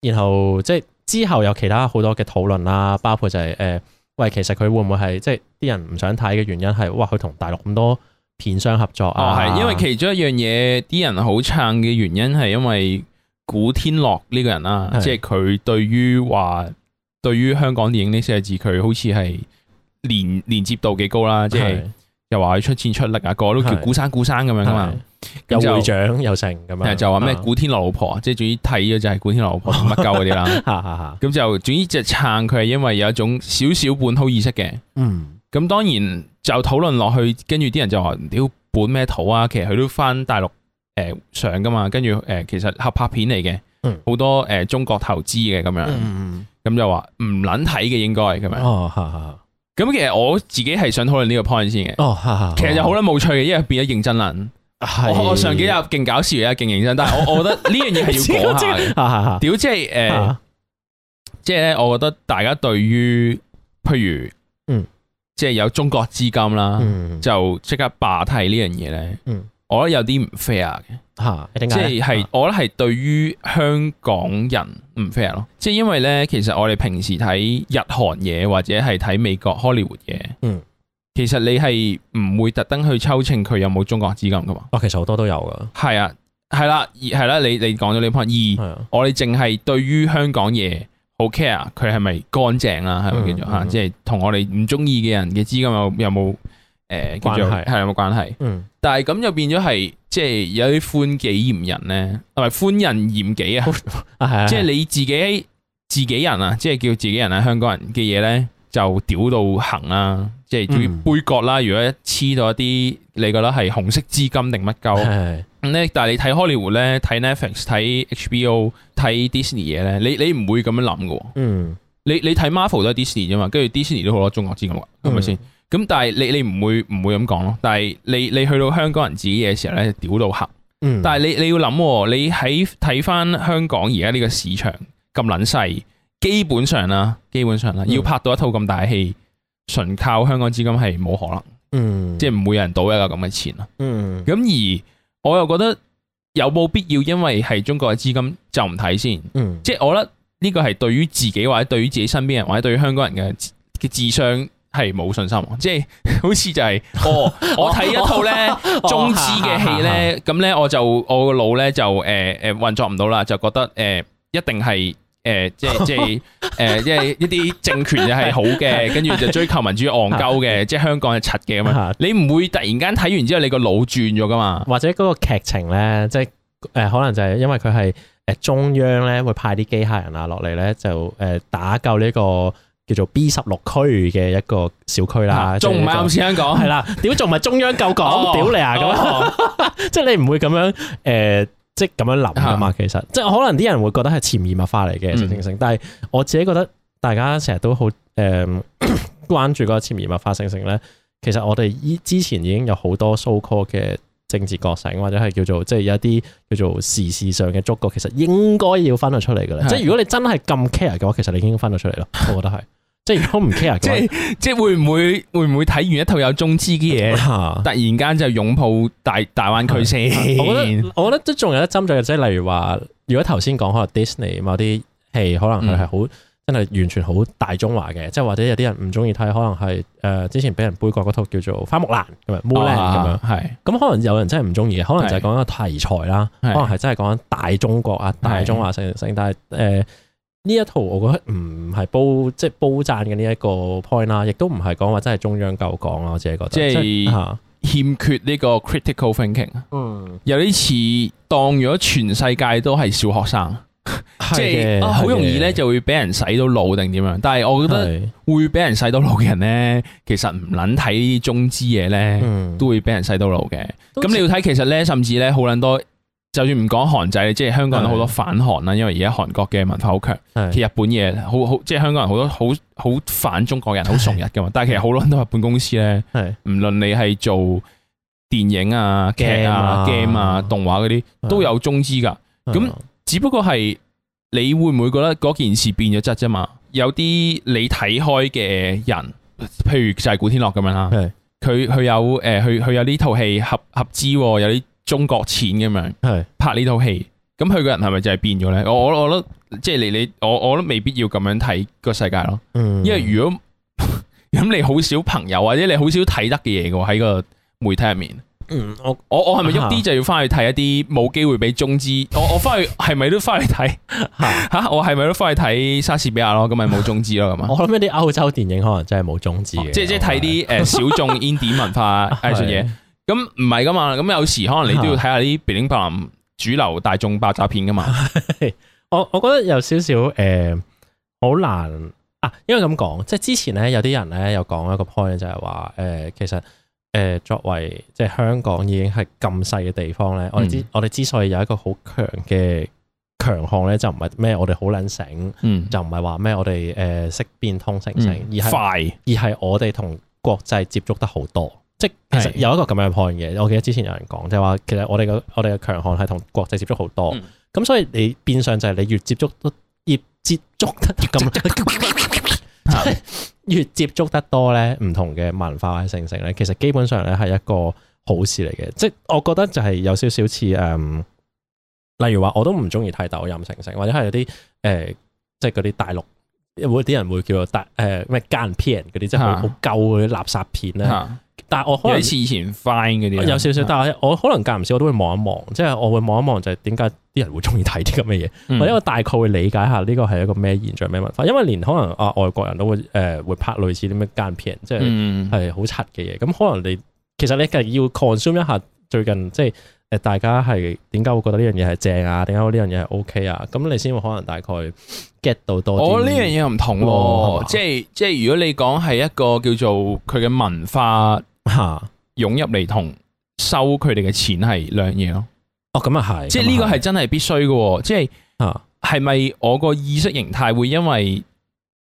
然後即係、就是、之後有其他好多嘅討論啦，包括就係、是、誒、呃，喂，其實佢會唔會係即係啲人唔想睇嘅原因係哇，佢同大陸咁多片商合作啊？係、啊、因為其中一樣嘢，啲人好撐嘅原因係因為古天樂呢個人啊，即係佢對於話。對於香港電影呢四字，佢好似係連連接度幾高啦，即係又話佢出錢出力啊，個個都叫古山古山咁的樣噶嘛。咁的就獎又剩咁啊，就話咩古天樂老婆啊，的即係主要睇咗就係古天樂老婆乜鳩嗰啲啦。咁 就總之就撐佢係因為有一種少少本土意識嘅。嗯，咁當然就討論落去，跟住啲人就話屌本咩土啊，其實佢都返大陸誒、呃、上噶嘛，跟住誒其實合拍片嚟嘅。好多誒、呃，中國投資嘅咁樣，咁、嗯、就話唔捻睇嘅應該咁樣。哦，咁其實我自己係想討論呢個 point 先嘅。哦，哈哈其實就好捻，冇趣嘅，因為變咗認真撚。係、哎呀。我上幾日勁搞笑，而家勁認真，但係我我覺得呢樣嘢係要講下。屌，即係誒，即係咧，我覺得大家對於譬如，嗯，即係有中國資金啦，就即刻霸替呢樣嘢咧。嗯。我覺得有啲唔 fair 嘅吓，即係係我覺得係對於香港人唔 fair 咯，即係、啊、因為咧，其實我哋平時睇日韓嘢或者係睇美國 Hollywood 嘢，嗯，其實你係唔會特登去抽清佢有冇中國資金噶嘛？啊，其實好多都有噶，係啊，係啦，而係啦，你你講咗呢 part，而我哋淨係對於香港嘢好 care，佢係咪乾淨啊？係咪叫做吓？即係同我哋唔中意嘅人嘅資金有有冇？誒，係係、呃、係有冇關係？嗯，但係咁就變咗係，即、就、係、是、有啲歡己嫌人咧，同埋歡人嫌己啊，啊即係你自己 自己人啊，即、就、係、是、叫自己人啊，香港人嘅嘢咧就屌到行、就是、啦，即係做杯葛啦。如果黐到一啲你覺得係紅色資金定乜鳩？係咁咧，但係你睇 Hollywood 咧，睇 Netflix，睇 HBO，睇 Disney 嘢咧，你你唔會咁樣諗噶嗯，你嗯你睇 Marvel 都係 Disney 啫嘛，跟住 Disney 都好多中國資金，係咪先？嗯咁但係你你唔會唔會咁講咯？但係你你去到香港人自己嘅時候咧，屌到黑。嗯、但係你你要諗、哦，你喺睇翻香港而家呢個市場咁撚細，基本上啦，基本上啦，要拍到一套咁大戲，純、嗯、靠香港資金係冇可能。嗯，即係唔會有人賭一個咁嘅錢咯。嗯，咁而我又覺得有冇必要因為係中國嘅資金就唔睇先？嗯，即係我覺得呢個係對於自己或者對於自己身邊人或者對於香港人嘅嘅智商。係冇信心，即係好似就係、是， 哦，我睇一套咧，中資嘅戲咧，咁咧、哦、我就我個腦咧就誒誒運作唔到啦，就覺得誒、呃、一定係誒、呃、即係即係誒、呃、即係一啲政權係好嘅，跟住 就追求民主戇鳩嘅， 即係香港係柒嘅咁樣。 你唔會突然間睇完之後，你個腦轉咗㗎嘛？或者嗰個劇情咧，即係誒可能就係因為佢係誒中央咧會派啲機械人啊落嚟咧，就誒打救呢、呢個。叫做 B 十六區嘅一個小區啦，仲唔啱先講係啦，屌仲唔係中央夠講屌你啊咁、呃，即係你唔會咁樣誒，即係咁樣諗噶嘛。是的 其實即係可能啲人會覺得係潛移默化嚟嘅性性，嗯、但係我自己覺得大家成日都好誒、呃、關注嗰個潛移默化性性咧。其實我哋依之前已經有好多 so call 嘅政治覺醒或者係叫做即係有一啲叫做時事，事上嘅觸覺，其實應該要分到出嚟噶啦。是的 即係如果你真係咁 care 嘅話，其實你已經分到出嚟咯，我覺得係。 即係如果唔 care，即係即係會唔會會唔會睇完一套有中資嘅嘢， 突然間就擁抱大大灣區先 我？我覺得我覺得即係仲有一針對嘅，即係例如話，如果頭先講開 Disney 某啲戲，可能佢係好真係完全好大中華嘅，即係或者有啲人唔中意睇，可能係誒之前俾人杯葛嗰套叫做《花木蘭》咁、哦、樣，木蘭咁樣咁樣係咁可能有人真係唔中意嘅，可能就係講緊題材啦，是是可能係真係講緊大中國啊大中華性性是是，但係誒。呃呢一套我覺得唔係煲，即係煲讚嘅呢一個 point 啦，亦都唔係講話真係中央夠講囉。我自己覺得即係欠缺呢個 critical thinking。嗯，有啲似當咗全世界都係小學生，即係好容易呢就會俾人洗到腦定點樣？但係我覺得會俾人洗到腦嘅人呢，其實唔撚睇中資嘢呢，都會俾人洗到腦嘅。咁你要睇其實呢，甚至呢，好撚多。就算唔講韓仔，即係香港人好多反韓啦，是因為而家韓國嘅文化好強。是其實日本嘢，好好，即係香港人好多好好反中國人，好崇日噶嘛。是但係其實好多人都係日本公司咧，係唔論你係做電影啊、劇啊、game 啊，啊、動畫嗰啲，都有中資噶。咁是只不過係你會唔會覺得嗰件事變咗質啫嘛？有啲你睇開嘅人，譬如就係古天樂咁樣啦，佢佢是有誒，佢、呃、佢有呢套戲合合資，有啲。中國錢咁樣，係拍是是是呢套戲，咁佢個人係咪就係變咗咧？我我我諗，即係你你，我我諗未必要咁樣睇個世界咯。嗯，因為如果咁你好少朋友，或者你好少睇得嘅嘢嘅喺個媒體入面。嗯，我我我係咪喐啲就要翻去睇一啲冇機會俾中資？我我翻去係咪都翻去睇？吓我係咪都翻去睇莎士比亞咯？咁咪冇中資咯？咁啊？我諗一啲歐洲電影可能真係冇中資嘅，即係即係睇啲誒小眾 independent 文化藝術嘢。 啊咁唔係噶嘛，咁有時可能你都要睇下啲 building 別林伯林主流大眾爆炸片噶嘛。我 我覺得有少少誒，好、呃、難啊！因為咁講，即係之前咧，有啲人咧又講一個 point，就係話誒，其實誒、呃，作為即係香港已經係咁細嘅地方咧，我哋之、嗯、我哋之所以有一個好強嘅強項咧，就唔係咩我哋好捻醒，嗯，就唔係話咩我哋誒識變通成性，而係快，而係我哋同國際接觸得好多。即係其實有一個咁樣嘅判嘅，我記得之前有人講就係話，其實我哋嘅我哋嘅強項係同國際接觸好多，咁、嗯、所以你變相就係你越接觸得越接觸得咁，越接觸得多咧，唔同嘅文化或者成城咧，其實基本上咧係一個好事嚟嘅。即我覺得就係有少少似誒，嗯、例如話我都唔中意睇抖音成城，或者係有啲誒，即係嗰啲大陸一啲人會叫做大咩奸、呃、片嗰啲，即係好好舊嗰啲垃圾片咧。嗯嗯但係我可能以前 find 啲，有少少。的但係我可能間唔少，我都會望一望，即係我會望一望，就係點解啲人會中意睇啲咁嘅嘢，或者我大概會理解下呢個係一個咩現象、咩文化。因為連可能啊外國人都會誒、呃、會拍類似啲咩間片，即係係好柒嘅嘢。咁、嗯、可能你其實你嘅要 consume 一下最近，即係誒大家係點解會覺得呢樣嘢係正啊？點解呢樣嘢係 O K 啊？咁你先會可能大概 get 到多啲。我呢樣嘢唔同、哦即，即係即係如果你講係一個叫做佢嘅文化。吓，湧入嚟同收佢哋嘅錢係兩樣嘢咯。哦，咁啊係，即係呢個係真係必須嘅。即係啊，係咪我個意識形態會因為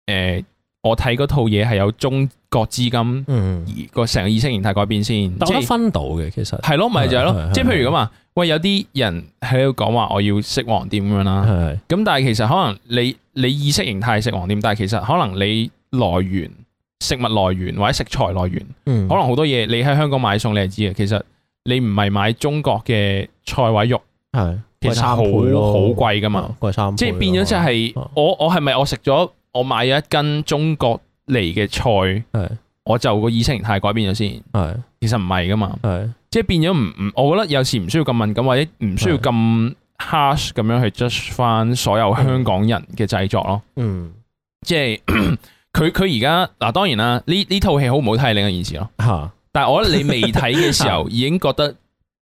誒，我睇嗰套嘢係有中國資金，而個成個意識形態改變先，得分到嘅其實係咯，咪就係咯。即係譬如咁啊，喂，有啲人喺度講話我要食黃店咁樣啦，係咁，但係其實可能你你意識形態食黃店，但係其實可能你來源。食物來源或者食材來源，嗯，可能好多嘢你喺香港買餸，你係知嘅。其實你唔係買中國嘅菜、位、肉，係其實好好貴噶嘛，即係變咗即係我我係咪我食咗我買咗一斤中國嚟嘅菜，我就個意識形態改變咗先。其實唔係噶嘛，即係變咗唔唔，我覺得有時唔需要咁敏感，或者唔需要咁 harsh 咁樣去 judge 翻所有香港人嘅製作咯。嗯，即係。.佢佢而家嗱，當然啦，呢呢套戲好唔好睇係另一件事咯。吓、啊，但係我覺得你未睇嘅時候已經覺得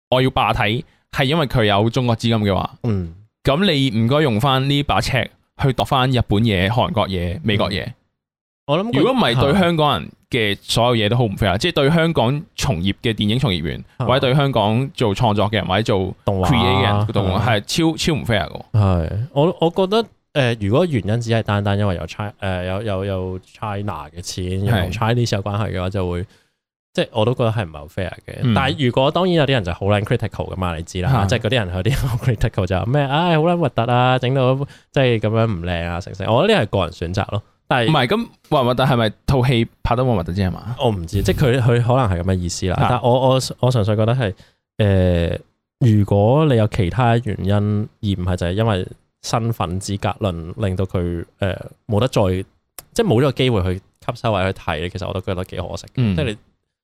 我要罷睇，係因為佢有中國資金嘅話，嗯，咁你唔該用翻呢把尺去度翻日本嘢、韓國嘢、美國嘢、嗯。我諗如果唔係對香港人嘅所有嘢都好唔 fair，即係對香港從業嘅電影從業員，啊、或者對香港做創作嘅人，或者做動畫嘅人，畫，係超超唔 fair 嘅。係我我，我覺得。誒、呃，如果原因只係單單因為有 Chine 誒、呃，有有有 China 嘅錢，有是的 同 Chinese 有關係嘅話就，就會即係我都覺得係唔係好 fair 嘅。嗯、但係如果當然有啲人就好撚 critical 嘅嘛，你知啦，是的 哎、即係嗰啲人有啲 critical 就咩？唉，好撚核突啊，整到即係咁樣唔靚啊，成成。我覺得呢係個人選擇咯。但係唔係咁核唔核突係咪套戲拍得冇核突先係嘛？嗯、我唔知，即係佢佢可能係咁嘅意思啦。但係我我我，我純粹覺得係誒、呃，如果你有其他原因而唔係就係因為。身份資格論令到佢誒冇得再即係冇咗個機會去吸收或者去睇，其實我都覺得幾可惜，即係你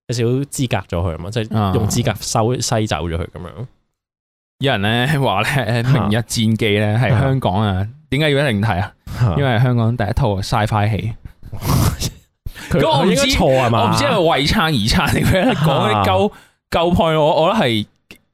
有少資格咗佢啊嘛，即係用資格收西走咗佢咁樣。有人咧話咧《明日戰記》咧係香港啊，點解要一定睇啊？因為香港第一套 Sci-Fi 戲，咁我唔知錯係嘛？我唔知係為撐而撐，佢喺度講啲舊舊派，我我覺得係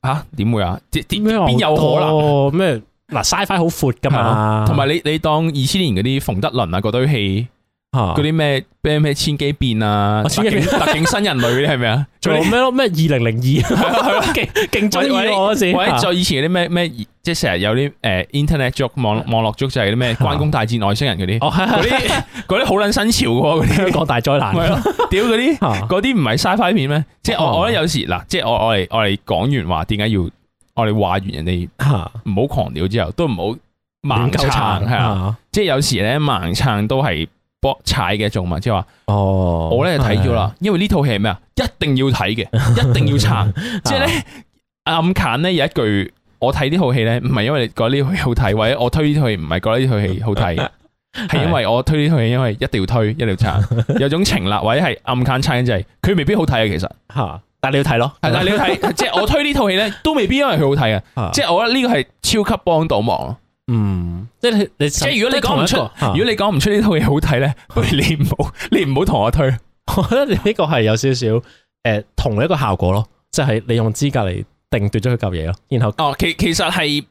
吓點會啊？點點邊有可能咩？嗱，Sci-Fi 好闊噶嘛，同埋你你當二千年嗰啲馮德倫啊嗰堆戲，嗰啲咩咩咩千機變啊，特警新人類嗰啲係咪啊？仲有咩咯？咩二零零二，勁勁中意我嗰時。或者再以前嗰啲咩咩，即係成日有啲誒，internet joke 網網絡 joke 就係啲咩關公大戰外星人嗰啲，哦係係，嗰啲嗰啲好捻新潮噶，嗰大災難，屌嗰啲嗰啲唔係 Sci-Fi 片咩？即係我我覺得有時嗱，即係我我哋我哋講完話點解要？我哋話完人哋唔好狂屌之後，都唔好盲撐，係啊！即係有時咧，盲撐都係博踩嘅一物，即係話，哦，我咧就睇咗啦，因為呢套戲係咩啊？一定要睇嘅，一定要撐。即係咧，暗砍咧有一句，我睇呢套戲咧，唔係因為你覺得呢套戲好睇，或者我推呢套戲唔係覺得呢套戲好睇，係因為我推呢套戲，因為一定要推，一定要撐。有種情啦，或者係暗砍撐，就即係佢未必好睇嘅，其實吓。但你要睇咯，係但你要睇，即係我推呢套戲咧，都未必因為佢好睇嘅，即係我覺得呢個係超級幫到忙咯。嗯，即係你，即係如果你講唔出，如果你講唔出呢套嘢好睇咧，你唔好，你唔好同我推。我覺得呢個係有少少誒，同一個效果咯，即係你用資格嚟定奪咗佢嚿嘢咯。然後哦，其其實係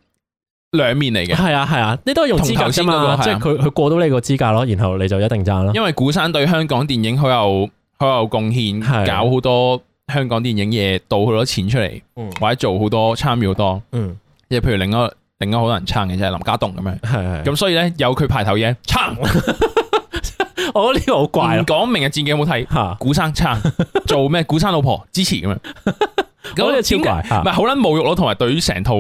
兩面嚟嘅，係啊係啊，你都係用資格先。即係佢佢過到呢個資格咯，然後你就一定賺啦。因為古生對香港電影佢有佢有貢獻，搞好多。香港電影嘢，倒好多錢出嚟，嗯、或者做好多參與好多，即係、嗯、譬如另一另一好多人撐嘅，就係林家棟咁樣。係咁，所以咧有佢排頭嘢撐，嗯、 我諗呢個好怪。唔講明日戰記有冇睇？古生撐做咩？古生老婆支持咁樣，咁就超怪。唔係好撚侮辱咯，同埋對於成套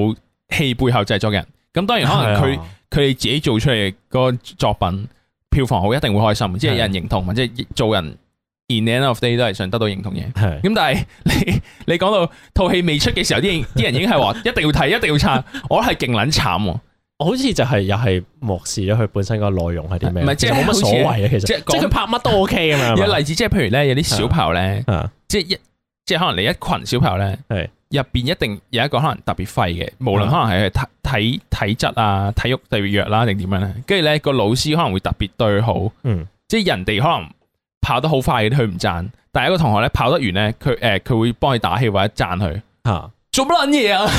戲背後製作人。咁當然可能佢佢自己做出嚟個作品票房好，一定會開心，即係是的 有人認同，或者做人。in end of day 都係想得到認同嘅係咁但係你你講到套戲未出嘅時候，啲啲人已經係話一定要睇，一定要撐，我係勁撚慘，我好似就係又係漠視咗佢本身個內容係啲咩，唔係即係冇乜所謂啊，其實即係即係佢拍乜都 OK 啊嘛。有例子即係譬如咧，有啲小朋友咧，啊，即係一即係可能你一群小朋友咧，係入邊一定有一個可能特別廢嘅，無論可能係佢體體體質啊，體育特別弱啦，定點樣咧，跟住咧個老師可能會特別對好，嗯，即係人哋可能。跑得好快，佢唔讚，但係一個同學咧跑得完咧，佢誒佢會幫你打氣或者讚佢吓做乜捻嘢啊？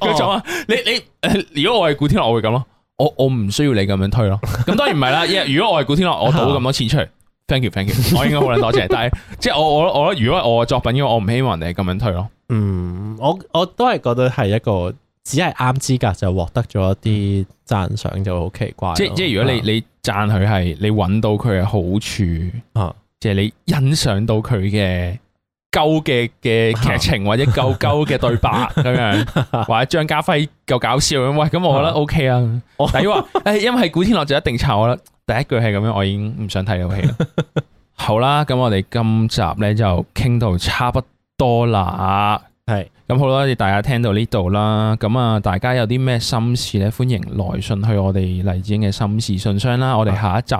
佢做啊？ 做哦、你你、呃、如果我係古天樂，我會咁咯，我我唔需要你咁樣推咯。咁當然唔係啦，如果我係古天樂，我倒咁多錢出嚟，thank you thank you，我應該好捻多謝。 但係即係我我我如果我嘅作品因為，我唔希望你係咁樣推咯。嗯，我我都係覺得係一個。只係啱資格就獲得咗一啲讚賞就好奇怪。即即係如果你是、啊、你讚佢係你搵到佢嘅好處是啊，即係你欣賞到佢嘅鳩嘅嘅劇情或者鳩鳩嘅對白咁是、啊、樣，或者張家輝夠搞笑咁。喂、欸，咁我覺得是、啊、OK 啊。我抵話，誒、欸，因為係古天樂就一定炒我啦。第一句係咁樣，我已經唔想睇呢部戲啦。是啊、 好啦，咁我哋今集呢就傾到差不多啦。係咁是、嗯、好啦，多謝大家聽到呢度啦，咁啊，大家有啲咩心事咧，歡迎來信去我哋黎智英嘅心事信箱啦。嗯、我哋下一集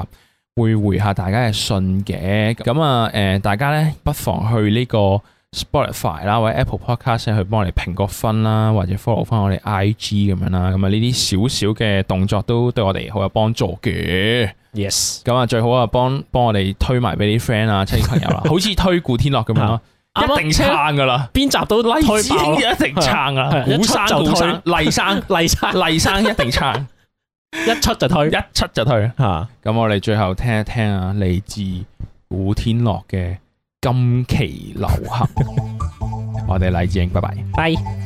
會回，回下大家嘅信嘅，咁、嗯、啊，誒、嗯，嗯、大家咧不妨去呢個 Spotify 啦，或者 Apple Podcast 去幫我哋評個分啦，或者 follow 翻我哋 IG 咁樣啦。咁啊，呢啲少少嘅動作都對我哋好有幫助嘅。Yes，咁啊，嗯、最好啊，幫幫我哋推埋俾啲 friend 啊、親朋友啦，友 好似推古天樂咁樣咯。 一定撐噶啦，邊集都推跑咯。一定撐啊！鼓山就推，黎生黎生黎生一定撐，一出就推，一出就推。吓，咁我哋最後聽一聽啊，嚟自古天樂嘅《今期流行》，我哋黎智英，拜拜，拜。